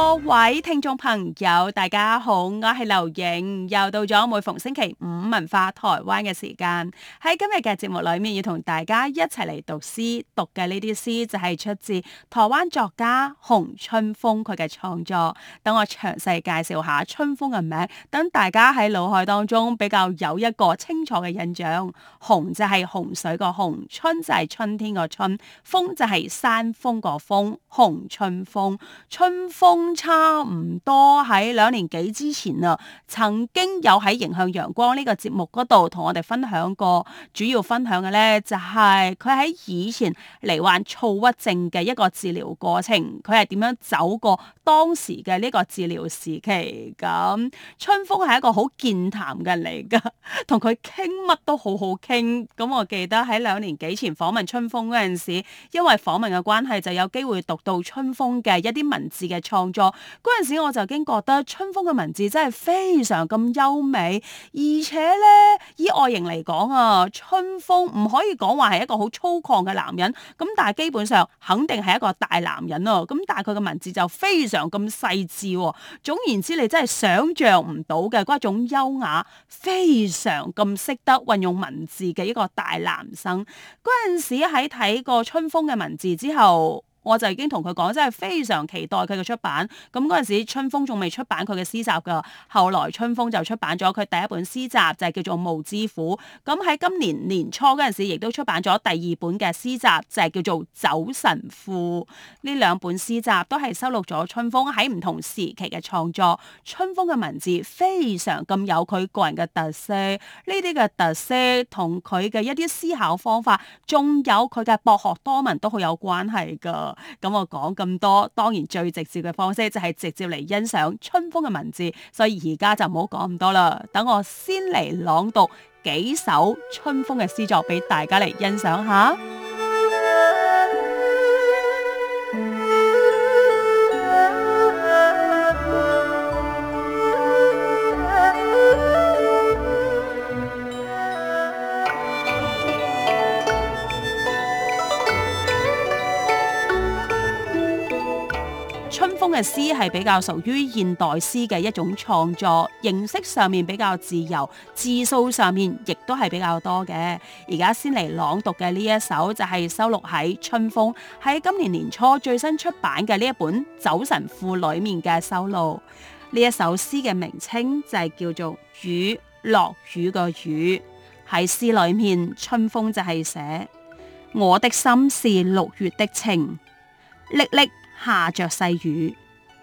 各位聽眾朋友，大家好，我係劉影，又到咗每逢星期五文化台灣嘅時間。喺今日嘅節目裏面，要同大家一齊嚟讀詩，讀嘅呢啲詩就係出自台灣作家洪春峰佢嘅創作。等我詳細介紹下春峰嘅名，等大家喺腦海當中比較有一個清楚嘅印象。洪就係洪水個洪，春就係春天個春，峰就係山峰個峰，洪春峰，春峰。差唔多喺兩年幾之前啊，曾經有喺迎向陽光呢個節目嗰度同我哋分享過，主要分享嘅咧就係佢喺以前罹患躁鬱症嘅一個治療過程，佢係點樣走過當時嘅呢個治療時期咁。春峰係一個好健談嘅，嚟噶，同佢傾乜都好好傾。咁我記得喺兩年幾前訪問春峰嗰陣時，因為訪問嘅關係就有機會讀到春峰嘅一啲文字嘅創。嗰陣時我就已經覺得春峰嘅文字真係非常咁優美，而且呢，以外形嚟講啊，春峰唔可以講話係一個好粗獷嘅男人，咁但係基本上肯定係一個大男人咯。咁但係佢嘅文字就非常咁細緻，總言之，你真係想象唔到嘅嗰一種優雅，非常咁識得運用文字嘅一個大男生。嗰陣時喺睇過春峰嘅文字之後。我就已經同佢講，真係非常期待佢嘅出版。咁嗰陣時，春風仲未出版佢嘅詩集噶，後來春風就出版咗佢第一本詩集，就係叫做《無知婦》。咁、嗯、喺今年年初嗰陣時，亦都出版咗第二本嘅詩集，就係叫做《酒神賦》。呢兩本詩集都係收錄咗春風喺唔同時期嘅創作。春風嘅文字非常咁有佢個人嘅特色，呢啲嘅特色同佢嘅一啲思考方法，仲有佢嘅博學多聞都好有關係噶。咁我講咁多，當然最直接嘅方式就係直接嚟欣賞春峰嘅文字，所以而家就唔好講咁多啦，等我先嚟朗讀幾首春峰嘅詩作俾大家嚟欣賞下。詩係比較屬於現代詩嘅一種創作，形式上面比較自由，字數上面亦都係比較多嘅。而家先嚟朗讀嘅呢一首就係收錄喺《春風》喺今年年初最新出版嘅呢一本《酒神賦》裏面嘅收錄。呢一首詩嘅名稱就係叫做《雨》，落雨個雨。喺詩裏面，春風就係寫我的心是六月的晴，瀝瀝下着細雨。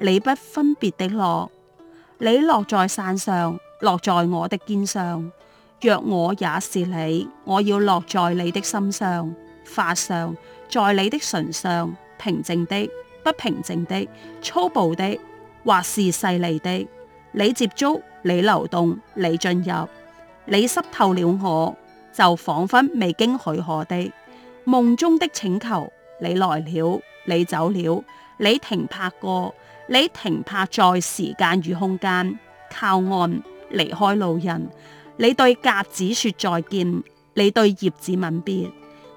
你不分別的落，你落在山上，落在我的肩上。若我也是你，我要落在你的心上、髮上，在你的唇上，平靜的、不平靜的、粗暴的或是細膩的。你接觸，你流動，你進入，你濕透了我，我就彷彿未經許可的夢中的請求。你來了，你走了，你停泊過。你停泊在時間與空間，靠岸離開路人。你對格子說再見，你對葉子吻別。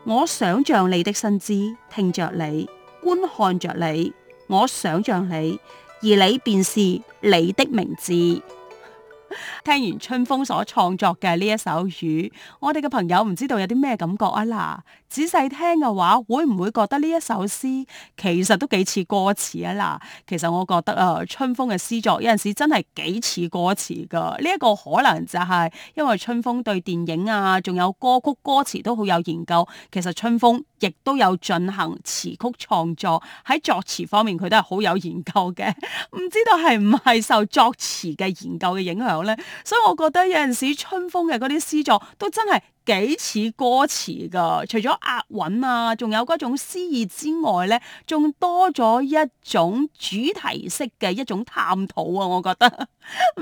我想像你的身姿，聽着你，觀看着你。我想像你，而你便是你的名字。聽完春峰所創作嘅呢一首雨，我哋嘅朋友唔知道有啲咩感覺啊，嗱。仔細聽嘅話，會唔會覺得呢一首詩其實都幾似歌詞啊？嗱，其實我覺得啊，春峰嘅詩作有陣時真係幾似歌詞噶。呢一個可能就係因為春峰對電影啊，仲有歌曲歌詞都好有研究。其實春峰亦都有進行詞曲創作，喺作詞方面佢都係好有研究嘅。唔知道係唔係受作詞嘅研究嘅影響呢？所以我覺得有陣時春峰嘅嗰啲詩作都真係～幾似歌詞㗎，除咗押韻啊，仲有嗰種詩意之外咧，仲多咗一種主題式嘅一種探討啊，我覺得。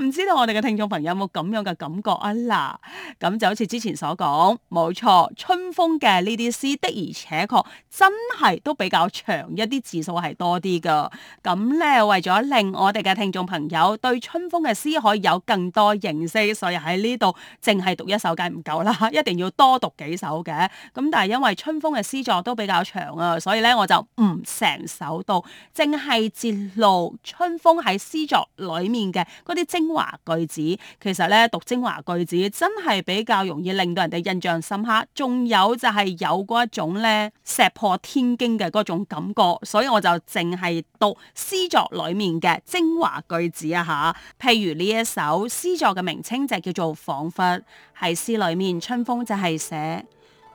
唔知道我哋嘅聽眾朋友有冇咁樣嘅感覺啊嗱？咁就好似之前所講，冇錯，春峰嘅呢啲詩的而且確真係都比較長一啲，字數係多啲噶。咁咧，為咗令我哋嘅聽眾朋友對春峰嘅詩可以有更多認識，所以喺呢度淨係讀一首梗唔夠啦，一定要多讀幾首嘅。咁但係因為春峰嘅詩作都比較長啊，所以咧我就唔成、嗯、首讀，淨係節錄春峰喺詩作裏面嘅。嗰啲精華句子其實咧，讀精華句子真係比較容易令到人哋印象深刻。仲有就係有嗰一種咧，石破天驚嘅嗰種感覺。所以我就淨係讀詩作裏面嘅精華句子啊吓，譬如呢一首詩作嘅名稱就叫做《彷彿》，喺詩裏面，春峰就係寫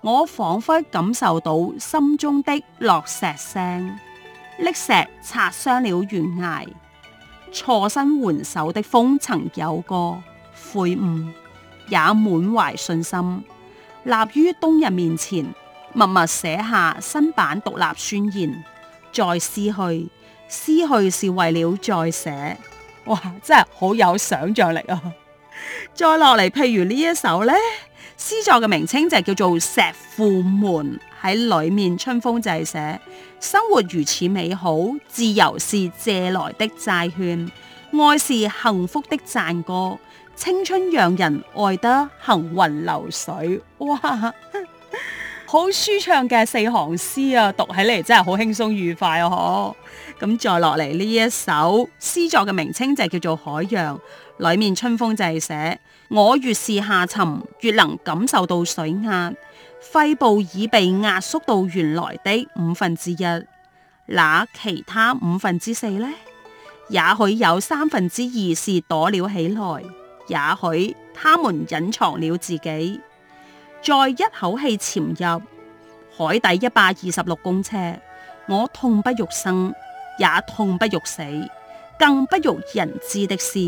我彷彿感受到心中的落石聲，瀝石擦傷了懸崖。錯身援手的風曾有過悔悟，也滿懷信心，立於冬日面前，默默寫下新版獨立宣言。再撕去，撕去是為了再寫。哇，真係好有想象力啊！ 再落嚟，譬如呢一首呢，詩作嘅名稱就叫做《石庫門》，喺裏面春風就係寫。生活如此美好，自由是借來的債券，愛是幸福的讚歌，青春讓人愛得行雲流水。哇， 好舒暢嘅四行詩啊，讀起嚟真係好輕鬆愉快哦、啊。咁、嗯、再落嚟呢一首詩作嘅名稱就叫做《海洋》，裏面春風就係寫我越是下沉，越能感受到水壓。.肺部已被壓縮到原來的五分之一，那其他五分之四呢？也許有三分之二是躲了起來，也許他們隱藏了自己，再一口氣潛入海底一百二十六公尺，我痛不欲生，也痛不欲死，更不欲人知的是。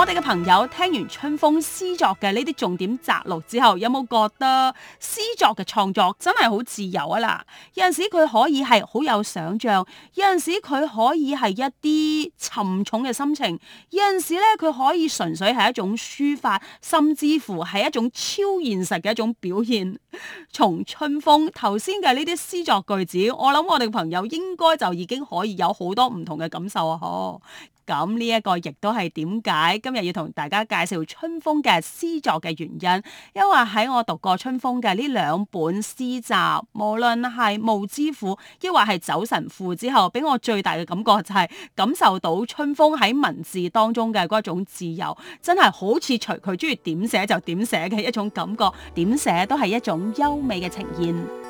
我哋嘅朋友聽完春峰詩作嘅呢啲重點摘錄之後，有冇覺得詩作嘅創作真係好自由啊？嗱，有陣時佢可以係好有想象，有陣時佢可以係一啲沉重嘅心情，有陣時咧佢可以純粹係一種抒發，甚至乎係一種超現實嘅一種表現。從春峰頭先嘅呢啲詩作句子，我諗我哋嘅朋友應該就已經可以有好多唔同嘅感受啊！嗬。咁呢一個亦都係點解今日要同大家介紹春峰嘅詩作嘅原因，因為喺我讀過春峰嘅呢兩本詩集，無論係《巫之賦》亦或係《酒神賦》之後，俾我最大嘅感覺就係感受到春峰喺文字當中嘅嗰一種自由，真係好似隨佢中意點寫就點寫嘅一種感覺，點寫都係一種優美嘅呈現。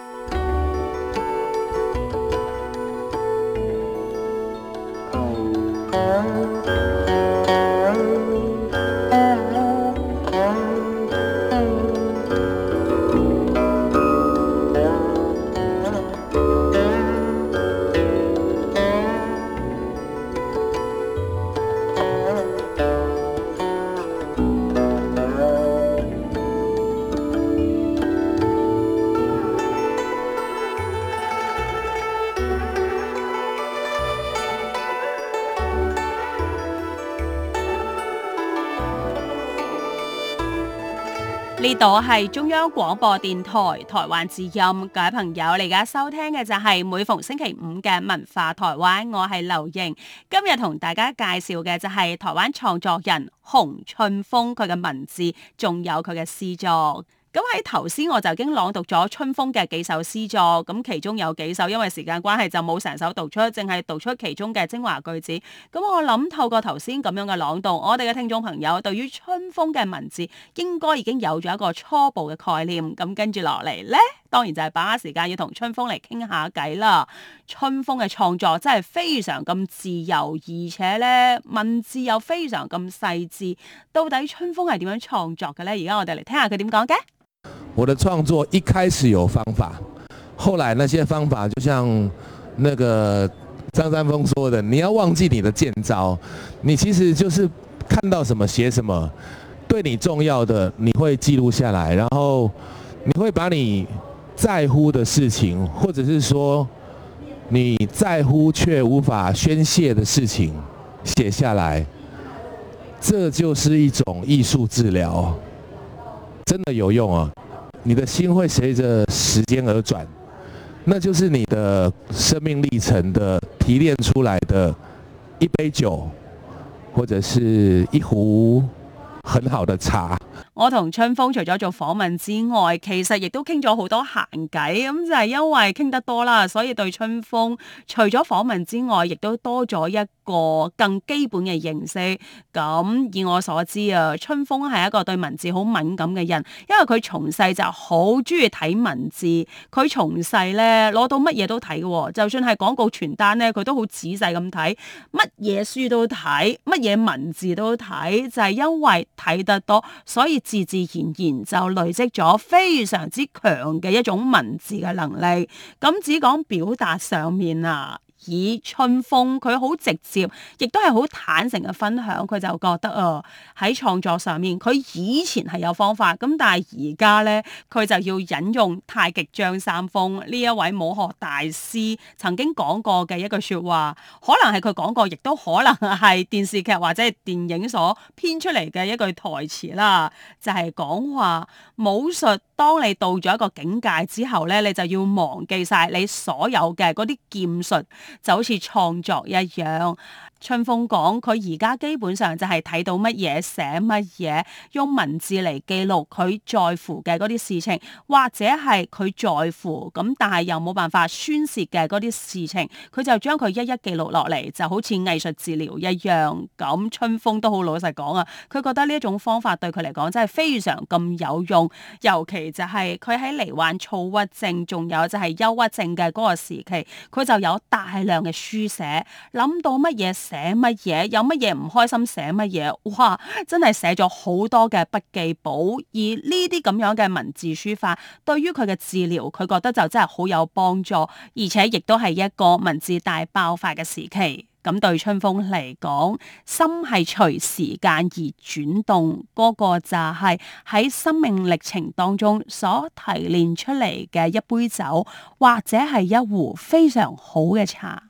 呢度係中央廣播電台台灣之音，各位朋友，你而家收聽嘅就係每逢星期五嘅文化台灣，我係劉瑩，今日同大家介紹嘅就係台灣創作人洪春峰佢嘅文字，仲有佢嘅詩作。咁喺頭先我就已經朗讀咗春峰嘅幾首詩作，咁其中有幾首因為時間關係就冇成首讀出，淨係讀出其中嘅精華句子。咁、嗯、我諗透過頭先咁樣嘅朗讀，我哋嘅聽眾朋友對於春峰嘅文字應該已經有咗一個初步嘅概念。咁、嗯、跟住落嚟呢，當然就係把握時間要同春峰嚟傾下偈啦。春峰嘅創作真係非常咁自由，而且呢文字又非常咁細緻。到底春峰係點樣創作嘅呢？而家我哋嚟聽下佢點講嘅。我的創作一開始有方法，後來那些方法就像那個張三豐說的，你要忘記你的劍招，你其實就是看到什麼寫什麼，對你重要的你會記錄下來，然後你會把你在乎的事情，或者是說你在乎卻無法宣洩的事情寫下來，這就是一種藝術治療。真的有用啊！你的心會隨着時間而轉，那就是你的生命歷程的提煉出來的，一杯酒或者是一壺很好的茶。我同春峰除咗做訪問之外，其實亦都傾咗好多閒偈，咁就係因為傾得多啦，所以對春峰除咗訪問之外，亦都多咗一。個更基本嘅認識，咁、嗯、以我所知啊，春峰係一個對文字好敏感嘅人，因為佢從細就好中意睇文字，佢從細呢，攞到乜嘢都睇嘅、哦，就算係廣告傳單呢，佢都好仔細咁睇，乜嘢書都睇，乜嘢文字都睇，就係、是、因為睇得多，所以自自然然就累積咗非常之強嘅一種文字嘅能力。咁、嗯、只講表達上面啊。以春風，佢好直接，亦都係好坦誠嘅分享。佢就覺得啊，喺、呃、創作上面，佢以前係有方法咁，但係而家呢，佢就要引用太極張三豐呢一位武學大師曾經講過嘅一句説話，可能係佢講過，亦都可能係電視劇或者係電影所編出嚟嘅一句台詞啦，就係、是、講話武術。當你到咗一個境界之後咧，你就要忘記晒你所有嘅嗰啲劍術，就好似創作一樣。春峰講佢而家基本上就係睇到乜嘢寫乜嘢，用文字嚟記錄佢在乎嘅嗰啲事情，或者係佢在乎咁，但係又冇辦法宣泄嘅嗰啲事情，佢就將佢一一記錄落嚟，就好似藝術治療一樣。咁、嗯、春峰都好老實講啊，佢覺得呢一種方法對佢嚟講真係非常咁有用，尤其就係佢喺罹患躁鬱症，仲有就係憂鬱症嘅嗰個時期，佢就有大量嘅書寫，諗到乜嘢，寫乜嘢，有乜嘢唔開心，寫乜嘢，哇！真係寫咗好多嘅筆記簿，以呢啲咁樣嘅文字書法，對於佢嘅治療，佢覺得就真係好有幫助，而且亦都係一個文字大爆發嘅時期。咁對春峰嚟講，心係隨時間而轉動，嗰個就係喺生命歷程當中所提煉出嚟嘅一杯酒，或者係一壺非常好嘅茶。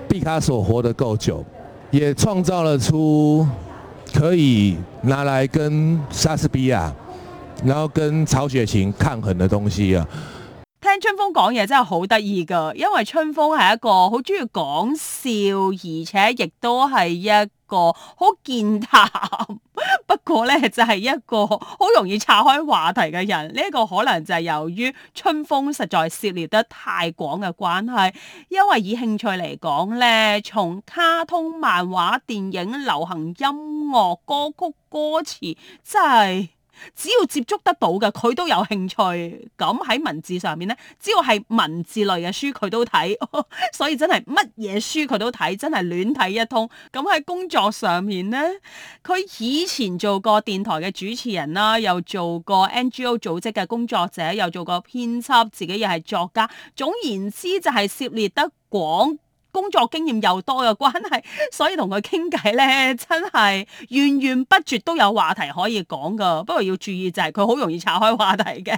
畢卡索活得夠久，也創造了出可以拿來跟莎士比亞，然後跟曹雪芹抗衡的東西啊！聽春峰講嘢真係好得意㗎，因為春峰係一個好鍾意講笑，而且亦都係一。個好健談，不過呢，就係一個好容易岔開話題嘅人。呢、這、一個可能就係由於春峰實在涉獵得太廣嘅關係，因為以興趣嚟講呢，從卡通、漫畫、電影、流行音樂、歌曲、歌詞，真係。只要接觸得到嘅，佢都有興趣。咁喺文字上面呢，只要係文字類嘅書，佢都睇。 所以真係乜嘢書佢都睇，真係亂睇一通。咁喺工作上面呢，佢以前做過電台嘅主持人啦，又做過 NGO 組織嘅工作者，又做過編輯，自己又係作家。總言之，就係涉獵得廣。工作經驗又多嘅關係，所以同佢傾偈咧，真係源源不絕都有話題可以講㗎。不過要注意，就係佢好容易岔開話題嘅。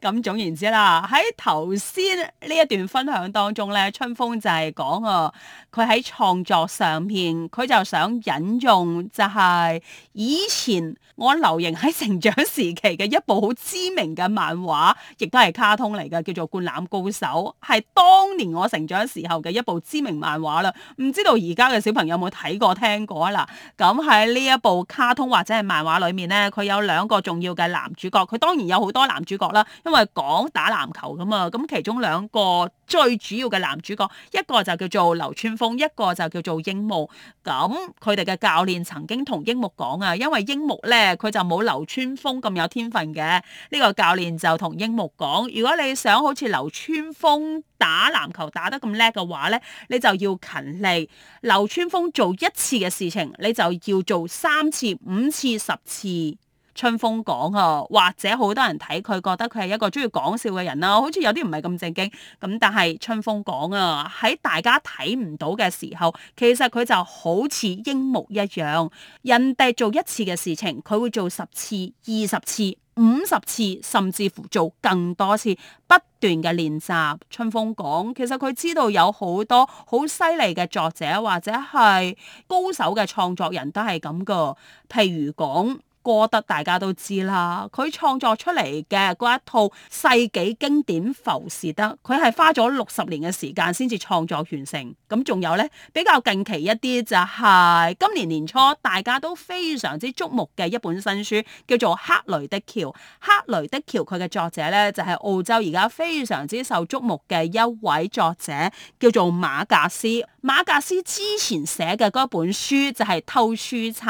咁總言之啦，喺頭先呢一段分享當中呢，春峰就係講啊，佢喺創作上面，佢就想引用就係以前我留營喺成長時期嘅一部好知名嘅漫畫，亦都係卡通嚟嘅，叫做《灌籃高手》，係當年我成長時候嘅一部知名漫畫啦。唔知道而家嘅小朋友有冇睇過聽過啊？嗱，咁喺呢一部卡通或者係漫畫裏面呢，佢有兩個重要嘅男主角，佢當然有好多男主角。因為講打籃球㗎嘛，咁其中兩個最主要嘅男主角，一個就叫做流川楓，一個就叫做櫻木。咁佢哋嘅教練曾經同櫻木講啊，因為櫻木咧佢就冇流川楓咁有天分嘅，呢、這個教練就同櫻木講，如果你想好似流川楓打籃球打得咁叻嘅話咧，你就要勤力。流川楓做一次嘅事情，你就要做三次、五次、十次。春峰講啊，或者好多人睇佢覺得佢係一個鍾意講笑嘅人啦，好似有啲唔係咁正經咁。但係春峰講啊，喺大家睇唔到嘅時候，其實佢就好似櫻木一樣，人哋做一次嘅事情，佢會做十次、二十次、五十次，甚至乎做更多次，不斷嘅練習。春峰講，其實佢知道有好多好犀利嘅作者或者係高手嘅創作人都係咁噶，譬如講。歌德大家都知啦，佢創作出嚟嘅嗰一套世紀經典浮士德，佢係花咗六十年嘅時間先至創作完成。咁仲有呢，比較近期一啲就係、是、今年年初大家都非常之矚目嘅一本新書，叫做《克雷的橋》。《克雷的橋》佢嘅作者呢，就係、是、澳洲而家非常之受矚目嘅一位作者，叫做馬格斯。馬格斯之前寫嘅嗰本書就係、是《偷書賊》。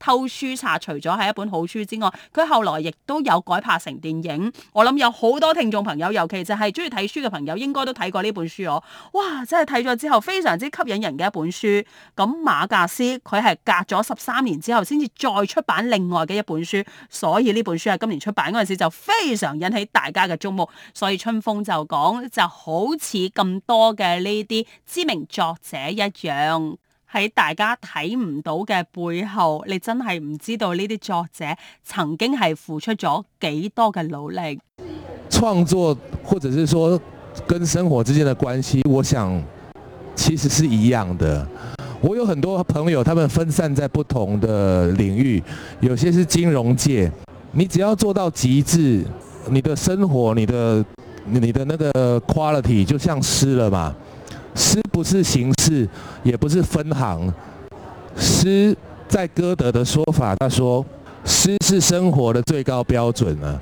偷書賊除咗係一本好書之外，佢後來亦都有改拍成電影。我諗有好多聽眾朋友，尤其就係中意睇書嘅朋友，應該都睇過呢本書哦。哇！真係睇咗之後非常之吸引人嘅一本書。咁馬格斯佢係隔咗十三年之後先至再出版另外嘅一本書，所以呢本書喺今年出版嗰陣時就非常引起大家嘅注目。所以春峰就講就好似咁多嘅呢啲知名作者一樣，喺大家睇唔到嘅背後，你真係唔知道呢啲作者曾經係付出咗幾多嘅努力。創作，或者是說跟生活之間的關係，我想其實是一樣的。我有很多朋友，他們分散在不同的領域，有些是金融界。你只要做到極致，你的生活，你的你的那個 quality，就像詩了嘛。詩不是形式，也不是分行。詩在歌德的說法，他說：詩是生活的最高標準啊。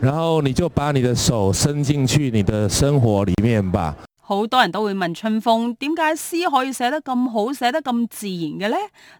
然後你就把你的手伸進去你的生活裏面吧。好多人都會問春風點解詩可以寫得咁好，寫得咁自然嘅呢？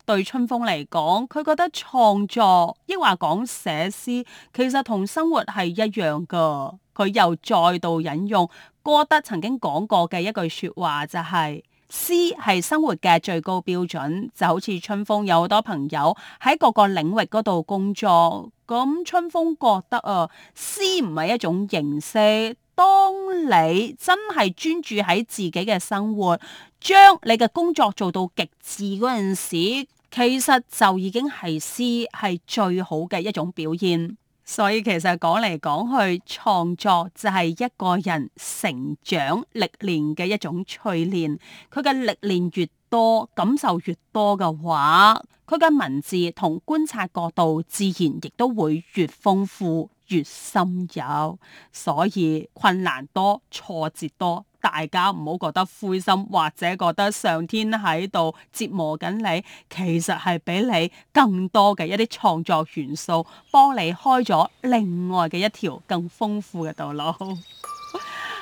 對春風嚟講，佢覺得創作亦話講寫詩，其實同生活係一樣噶。佢又再度引用歌德曾經講過嘅一句說話，就係詩係生活嘅最高標準。就好似春風有好多朋友喺各個領域嗰度工作，咁春風覺得啊，詩唔係一種形式。當你真係專注喺自己嘅生活，將你嘅工作做到極致嗰陣時，其實就已經係詩係最好嘅一種表現。所以其實講嚟講去，創作就係一個人成長歷練嘅一種淬煉。佢嘅歷練越多，感受越多嘅話，佢嘅文字同觀察角度自然亦都會越豐富。越深有，所以困難多，挫折多，大家唔好覺得灰心，或者覺得上天喺度折磨緊你，其實係俾你更多嘅一啲創作元素，幫你開咗另外嘅一條更豐富嘅道路。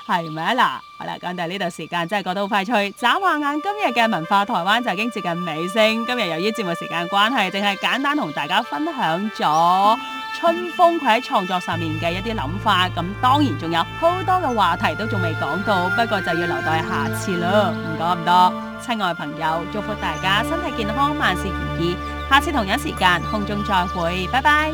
係咪啊嗱？好啦，講到呢度時間真係過得好快脆，眨下眼今日嘅文化台灣就已經接近尾聲。今日由於節目時間關係，淨係簡單同大家分享咗春風佢喺創作上面嘅一啲諗法。咁當然仲有好多嘅話題都仲未講到，不過就要留待下次啦。唔講咁多，親愛嘅朋友，祝福大家身體健康，萬事如意。下次同樣時間空中再會，拜拜。